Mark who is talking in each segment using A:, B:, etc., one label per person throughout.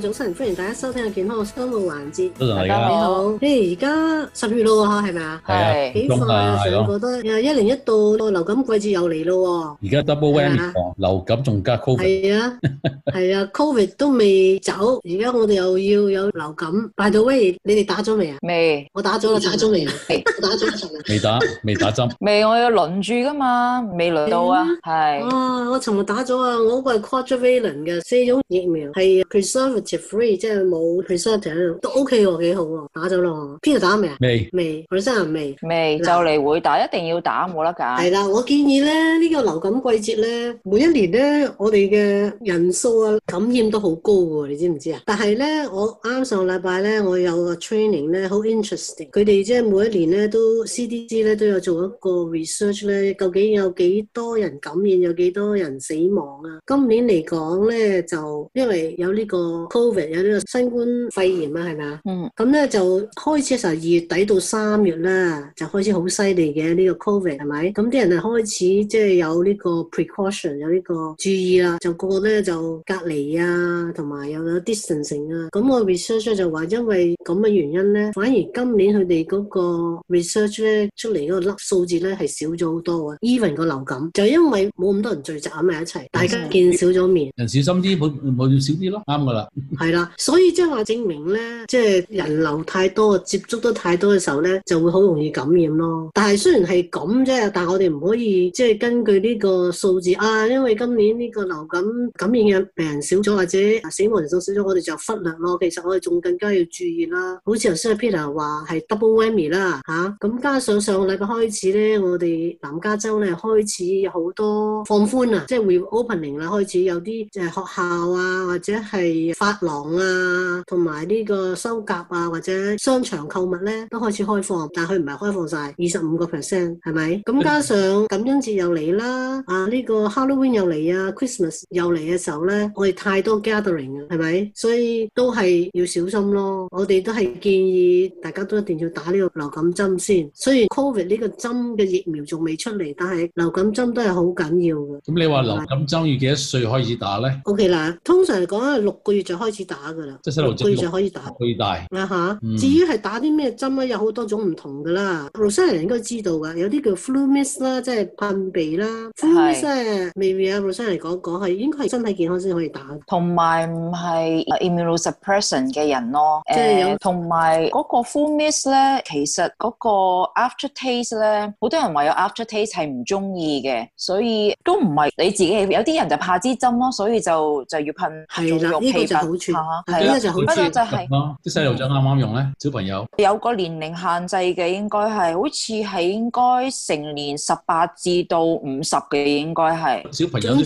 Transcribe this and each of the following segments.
A: 早晨，歡迎大家收聽《嘅健康生活環節》，大家好。誒，而家十月咯喎，係咪啊？係幾快啊？上過多一年一度流感季節又嚟咯喎。
B: 而家 double variant 流感仲加 covid。
A: 係啊，係啊，covid 都未走，而家我哋又要有流感。By the way，你哋打咗未啊？未，我打咗啦，
C: 打咗未啊？打咗未打，未打針。未，我有輪住㗎嘛？未輪到啊？
A: 係。哇，我尋日打咗啊，我嗰個係 quadrivalent 嘅四種疫苗，係 free 即係冇 present 都 OK 喎，幾好喎，打咗啦喎。邊度打未啊？未，佢啲新人未，未就嚟
C: 會打，一定要打，
A: 冇得㗎。係啦，我建議咧，呢個流感季節咧，每一年咧，我哋嘅人數啊，感染都好高喎，你知唔知啊？但係咧，我啱上個禮拜咧，我有個 training 咧，好 interesting。佢哋即係每一年咧都 CDC 咧都有做一個 research 咧，究竟有幾多人感染，有幾多人死亡啊？今年嚟講咧，就因為有呢個。Covid 有呢個新冠肺炎啊，係咪啊？嗯。咁咧就開始嘅時候，二月底到三月啦，就開始好犀利嘅呢個 Covid，係咪？咁啲人就開始即係、就是、有呢個 precaution，有呢個注意啦，就個個咧就隔離啊，同埋又有 distancing 啊。咁我 research 咧就話，因為咁嘅原因咧，反而今年佢哋嗰個 research 咧出嚟嗰個粒數字咧係少咗好多啊。Even 個流感就因為冇咁多人聚集喺埋一齊，大家見少咗面，
B: 事人小心啲，冇冇少啲咯，啱噶啦。
A: 係啦， 所以即係話證明咧，即、就、係、是、人流太多，接觸得太多嘅時候咧，就會好容易感染咯。但係雖然係咁啫，但係我哋唔可以即係、就是、根據呢個數字啊，因為今年呢個流感感染嘅病人少咗，或者死亡人數少咗，我哋就忽略咯。其實我哋仲更加要注意啦。好似頭先阿 Peter 話係 double whammy 啦，吓咁、啊、加上上個禮拜開始咧，我哋南加州咧開始有好多放寬啊，即係 reopening 啦，開始有啲誒、就是、學校啊或者係，發廊啊，同埋呢個收甲啊，或者商場購物咧，都開始開放，但係佢唔係開放晒，二十五個 percent 係咪？咁加上感恩節又嚟啦，啊呢個 Halloween 又嚟啊，Christmas 又嚟嘅時候咧，我哋太多 gathering 啊，係咪？所以都係要小心咯。我哋都係建議大家都一定要打呢個流感針先。雖然 Covid 呢個針嘅疫苗仲未出嚟，但係流感針都係好緊要嘅。
D: 咁你話流感針要幾多歲開始打咧
A: ？O K 啦，通常嚟講係六個月。就開始打噶啦，可以就可以打的，可以打啊嚇。Uh huh、至於係打啲咩針咧，有好多種唔同噶啦。醫生嚟應該知道㗎，有啲叫 flu miss 啦，即係噴鼻啦是，flu miss，未未啊，醫生嚟講講係應該係身體健康先可以打。同埋唔係
C: immunosuppression 嘅人咯，即係有同埋嗰個 flu miss 咧，其實嗰個 after taste 咧，好多人話有 after taste 係唔中意嘅，所以都唔係你自己有啲人就怕支針咯，所以就就要噴做就好啲嚇，係啦，
B: 啊，乜都，啊啊、就係啲細路仔啱啱用咧，小朋友
C: 有個年齡限制嘅，應該係好似係應該成年十八至到五十嘅，應該係小朋友，嗯、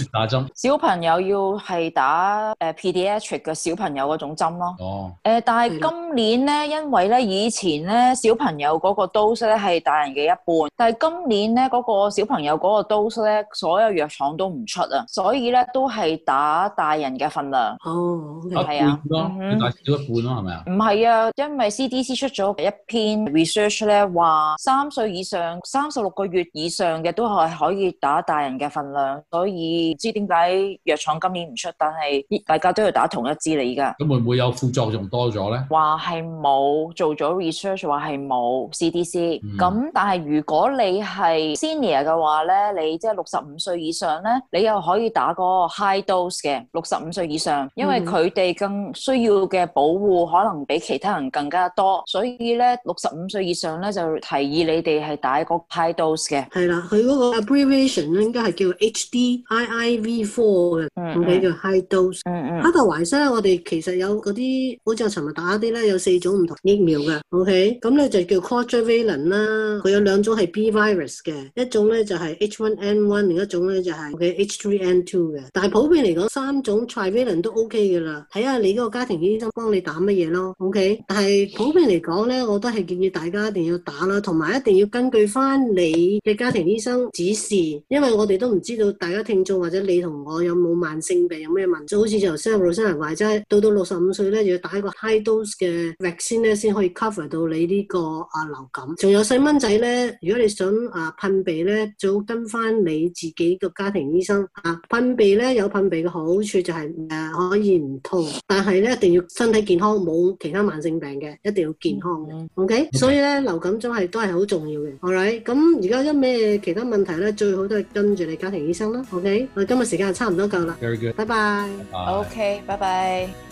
C: 小朋友要係打，呃、打針，、哦呃是是。小朋友要係打誒 pediatric 嘅小朋友嗰種針咯。哦。誒，但係今年咧，因為咧以前咧小朋友嗰個 dose 咧係大人嘅一半，但係今年咧嗰，嗰個小朋友嗰個 dose 咧，所有藥廠都唔出啊，所以咧都係打大人嘅份量。哦。一啊，咯，大少一半咯，係咪啊？唔係、嗯、哼啊，啊，因為 CDC 出咗一篇 research 咧，話三歲以上、三十六個月以上嘅都係可以打大人嘅份量，所以唔知點解藥廠今年唔出，但係大家都要打同一支嚟。而家
B: 咁會唔會有副作用多咗咧？
C: 話係冇做咗 research，話係冇 CDC。咁 CD、嗯、但係如果你係 senior 嘅話咧，你即係六十五歲以上咧，你又可以打嗰個 high dose 嘅六十五歲以上，因為佢、嗯。佢哋更需要嘅保護可能比其他人更加多，所以咧六十五歲以上咧就提議你哋係打個 high dose 嘅。
A: 係啦，佢嗰個 abbreviation 咧應該係叫 H D I I V four 嘅。我哋、mm hmm. okay, 叫 high dose。嗯嗯、mm。阿德懷斯我哋其實有嗰啲，好似我尋日打啲咧有四種唔同疫苗嘅。O K，咁咧就叫 quadrivalent 啦，佢有兩種係 B virus 嘅，一種咧就係 H one N one，另一種咧就係嘅 H three N two 嘅。但係普遍嚟講，三種 trivalent 都 O K 嘅啦。睇下你嗰個家庭醫生幫你打乜嘢咯，OK？但係普遍嚟講咧，我都係建議大家一定要打啦，同埋一定要根據翻你嘅家庭醫生指示，因為我哋都唔知道大家聽眾或者你同我有冇慢性病有咩問題。好似就三十六歲話齋，到到六十五歲咧，要打一個 high dose 嘅疫苗先咧，先可以 cover 到你呢個啊流感。仲有細蚊仔咧，如果你想啊噴鼻咧，最好跟翻你自己個家庭醫生啊噴鼻咧，有噴鼻嘅好處就係、係呃、可以唔痛，但係咧一定要身體健康，冇其他慢性病嘅，一定要健康嘅，OK。所以咧流感鐘係都係好重要嘅，Alright，咁而家有咩其他問題咧，最好都係跟住你家庭醫生啦，OK。我哋今日時間就差唔多夠啦，Very good，拜拜，OK，拜拜。Okay, bye bye.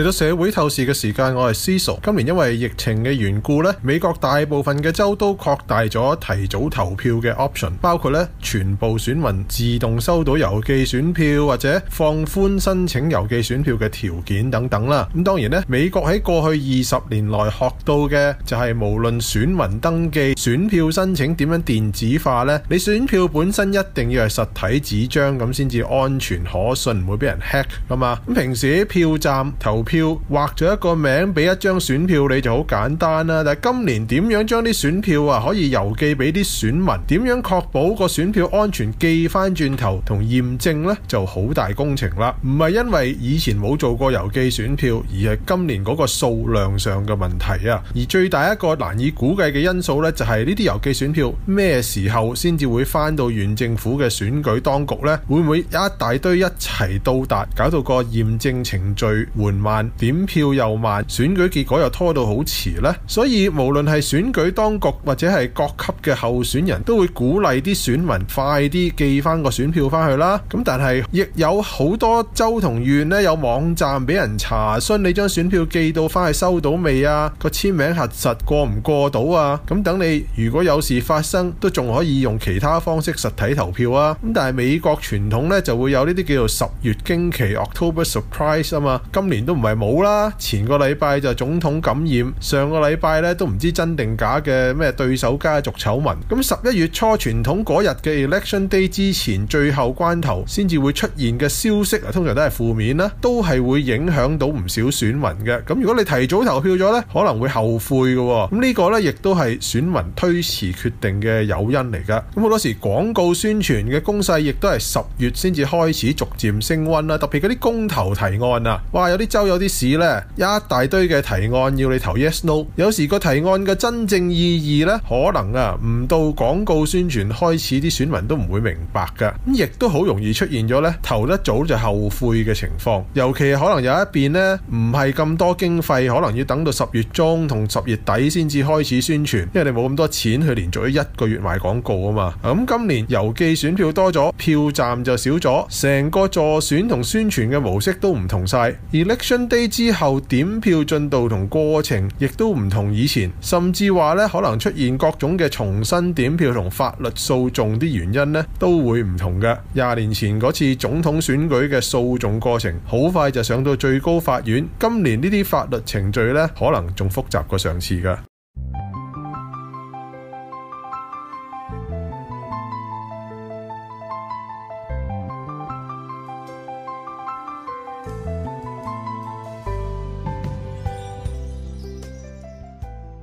D: 嚟到社會透視嘅時間，我係思瑤。今年因為疫情嘅緣故咧，美國大部分嘅州都擴大咗提早投票嘅 option，包括咧全部選民自動收到郵寄選票，或者放寬申請郵寄選票嘅條件等等啦。咁當然咧，美國喺過去二十年內學到嘅就係無論選民登記、選票申請點樣電子化咧，你選票本身一定要係實體紙張咁先至安全可信，唔會俾人 hack 噶嘛。咁平時喺票站投票畫咗一個名俾一張選票，你就好簡單啦。但係今年點樣將啲選票啊，可以郵寄俾啲選民？點樣確保個選票安全寄翻轉頭同驗證呢？就好大工程啦。唔係因為以前冇做過郵寄選票，而係今年嗰個數量上嘅問題啊。而最大一個難以估計嘅因素呢、就係，就係呢啲郵寄選票咩時候先至會返到縣政府嘅選舉當局呢？會唔會一大堆一齊到達，搞到個驗證程序緩慢？點票又慢，選舉結果又拖到好遲呢，所以無論係選舉當局或者係各級嘅候選人都會鼓勵啲選民快啲寄翻個選票翻去啦。咁但係亦有好多州同縣呢，有網站俾人查詢你將選票寄到翻去收到未啊？個簽名核實過唔過到啊？咁等你如果有事發生都仲可以用其他方式實體投票啊。咁但係美國傳統呢，就會有呢啲叫做十月驚奇 （October Surprise） 啊嘛，今年都。唔係冇啦！前個禮拜就總統感染，上個禮拜咧都唔知真定假嘅咩對手家族醜聞。咁十一月初傳統嗰日嘅 Election Day 之前，最後關頭先至會出現嘅消息啊，通常都係負面啦，都係會影響到唔少選民嘅。咁如果你提早投票咗呢，可能會後悔嘅。咁呢個呢，亦都係選民推遲決定嘅誘因嚟噶。咁好多時廣告宣傳嘅攻勢亦都係十月先至開始逐漸升溫啦，特別嗰啲公投提案啊，哇！有啲州有啲事呢，一大堆嘅提案要你投 yes no，有時個提案嘅真正意義呢，可能啊唔到廣告宣傳開始，啲選民都唔會明白噶，咁亦都好容易出現咗呢投得早就後悔嘅情況，尤其可能有一邊呢，唔係咁多經費，可能要等到十月中同十月底先至開始宣傳，因為你冇咁多錢去連續一個月買廣告啊嘛，咁今年郵寄選票多咗，票站就少咗，成個助選同宣傳嘅模式都唔同晒 election。之後點票進度同過程亦都唔同以前，甚至話咧可能出現各種嘅重新點票同法律訴訟，啲原因呢都會唔同嘅。廿年前嗰次總統選舉嘅訴訟過程好快就上到最高法院，今年呢啲法律程序咧可能仲複雜過上次噶。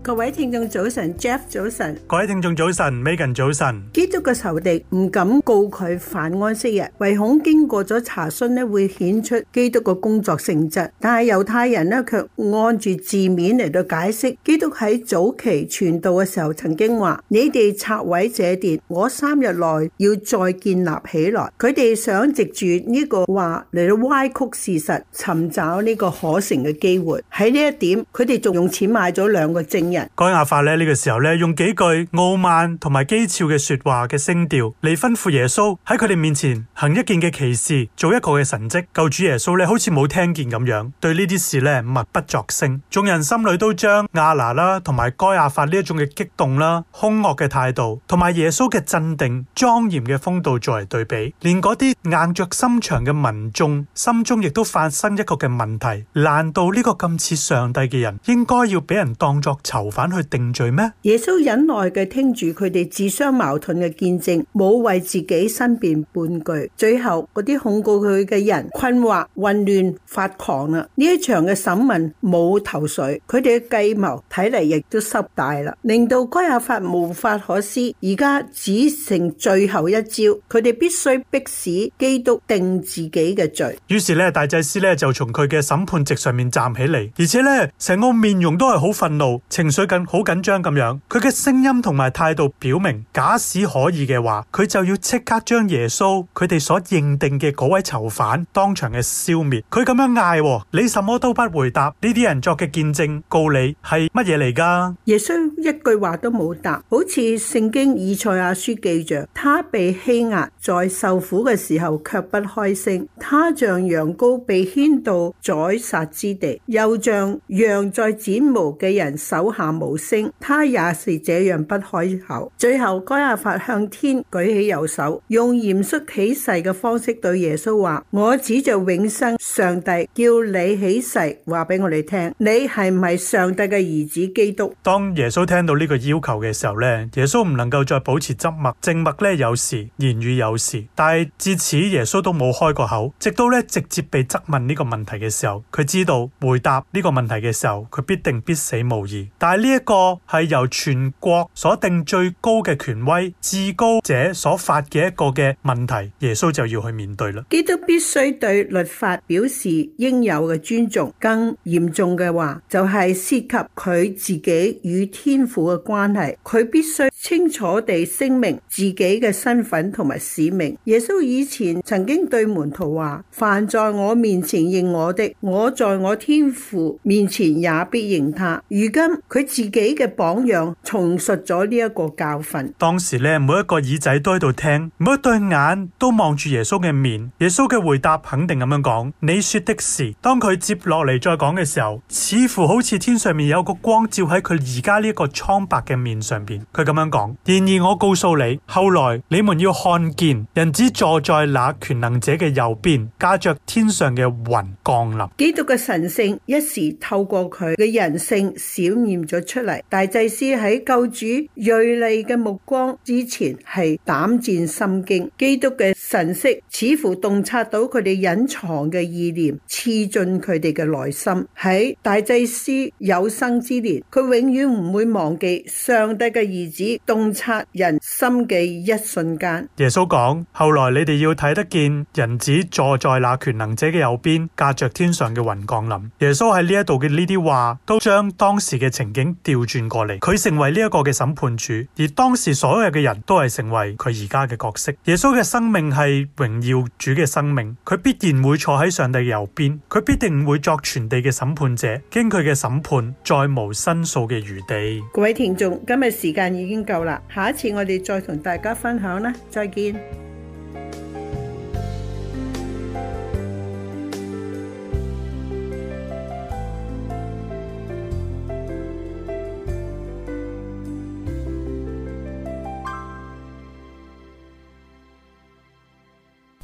E: 各位聽眾早晨，Jeff 早晨，
B: 各位聽眾早晨，Megan 早晨。
E: 基督嘅仇敵唔敢告佢犯安息日，唯恐經過咗查詢咧會顯出基督嘅工作性質。但係猶太人咧卻按住字面嚟到解釋。基督喺早期傳道嘅時候曾經話：你哋拆毀這殿，我三日內要再建立起來。佢哋想藉住呢個話嚟到歪曲事實，尋找呢個可乘嘅機會。喺呢一點，佢哋仲用錢買咗兩個證人。
B: 該亞法咧呢、呢個時候咧，用幾句傲慢同埋譏誚嘅說話嘅聲調嚟吩咐耶穌喺佢哋面前行一件嘅奇事，做一個嘅神蹟。救主耶穌咧，好似冇聽見咁樣，對呢啲事咧默不作聲。眾人心裡都將亞拿啦同埋該亞法呢一種嘅激動啦、凶惡嘅態度，同埋耶穌嘅鎮定、莊嚴嘅風度作為對比。連嗰啲硬着心腸嘅民眾心中亦都發生一個嘅問題：難道呢個咁似上帝嘅人，應該要俾人當作仇？反去定罪咩？耶穌忍
E: 耐嘅聽住佢哋自相矛盾嘅見證，冇為自己申辯半句。最後嗰啲控告佢嘅人困惑、混亂、發狂啦。呢一場嘅審問冇頭緒，佢哋嘅計謀睇嚟亦都失大啦，令到該亞法無法可施。而家只剩最後一招，佢哋必須逼使基督定自己嘅罪。
B: 於是呢，大祭司呢就從佢嘅審判席上面站起嚟，而且呢，成個面容都係好憤怒、最近好緊張咁樣，佢嘅聲音同埋態度表明，假使可以嘅話，佢就要即刻將耶穌佢哋所認定嘅嗰位囚犯當場嘅消滅。佢咁樣嗌：，你什麼都不回答呢，啲人作嘅見證告你係乜嘢嚟噶？
E: 耶穌一句話都冇答，好似聖經以賽亞書記着，他被欺壓，在受苦嘅時候卻不開聲；，他像羊羔被牽到宰殺之地，又像羊在剪毛嘅人手下。無聲，他也是這樣不開口。最後，該亞法向天舉起右手，用嚴肅起誓嘅方式對耶穌話：，我指着永生上帝叫你起誓，話俾我哋聽，你係唔係上帝嘅兒子基督？
B: 當耶穌聽到呢個要求嘅時候呢，耶穌唔能夠再保持沉默，靜默呢有時，言語有時，但係至此耶穌都冇開過口，直到呢直接被質問呢個問題嘅時候，佢知道回答呢個問題嘅時候，佢必定必死無疑。但係呢一個係由全國所定最高嘅權威、至高者所發嘅一個嘅問題，耶穌就要去面對啦。
E: 基督必須對律法表示應有嘅尊重。更嚴重嘅話，就係涉及佢自己與天父嘅關係。佢必須清楚地聲明自己嘅身份同埋使命。耶穌以前曾經對門徒話：，凡在我面前認我的，我在我天父面前也必認他。如今佢自己嘅榜樣，重述咗呢一個教訓。
B: 當時咧，每一個耳仔都喺度聽，每一對眼都望住耶穌嘅面。耶穌嘅回答肯定咁樣講：，你說的是。當佢接落嚟再講嘅時候，似乎好似天上面有個光照喺佢而家呢一個蒼白嘅面上邊。佢咁樣講。然而我告訴你，後來你們要看見，人子坐在那權能者嘅右邊，駕着天上嘅雲降臨。
E: 基督嘅神性一時透過佢嘅人性閃現咗。出嚟，大祭司喺救主銳利嘅目光之前係膽戰心驚。基督嘅神色似乎洞察到佢哋隱藏嘅意念，刺進佢哋嘅內心。喺大祭司有生之年，佢永遠唔會忘記上帝嘅兒子洞察人心嘅一瞬間。
B: 耶穌講：後來你哋要睇得見人子坐在那權能者嘅右邊，駕著天上嘅雲降臨。耶穌喺呢一度嘅呢啲話，都將當時嘅情。影調轉過嚟，佢成為呢一個嘅審判主，而當時所有嘅人都係成為佢而家嘅角色。耶穌嘅生命係榮耀主嘅生命，佢必然會坐喺上帝嘅右邊，佢必定會作全地嘅審判者。經佢嘅審判，再無申訴嘅餘地。
E: 各位聽眾，今日時間已經夠啦，下一次我哋再同大家分享啦，再見。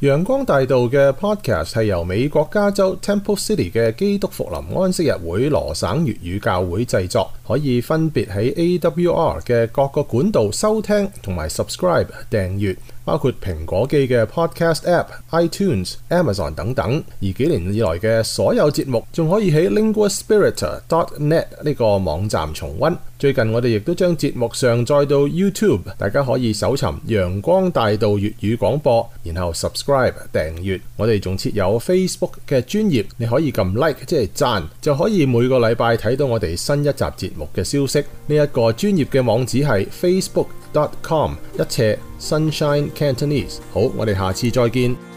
D: 陽光大道嘅 podcast 係由美國加州 Temple City 嘅基督復臨安息日會羅省粵語教會製作，可以分別喺 AWR 嘅各個管道收聽同埋 subscribe 訂閱，包括蘋果機嘅 podcast app、iTunes、Amazon 等等。而幾年以來嘅所有節目仲可以喺 linguaspirit.net 呢個網站重溫。最近我哋亦都將節目上載到 YouTube，大家可以搜尋陽光大道粵語廣播，然後 subscribe 訂閱。我哋仲設有 Facebook 嘅專頁，你可以撳 like 即係讚，就可以每個禮拜睇到我哋新一集節目嘅消息。呢、這、一個專頁嘅網址係 facebook.com 一切 Sunshine Cantonese。好，我哋下次再見。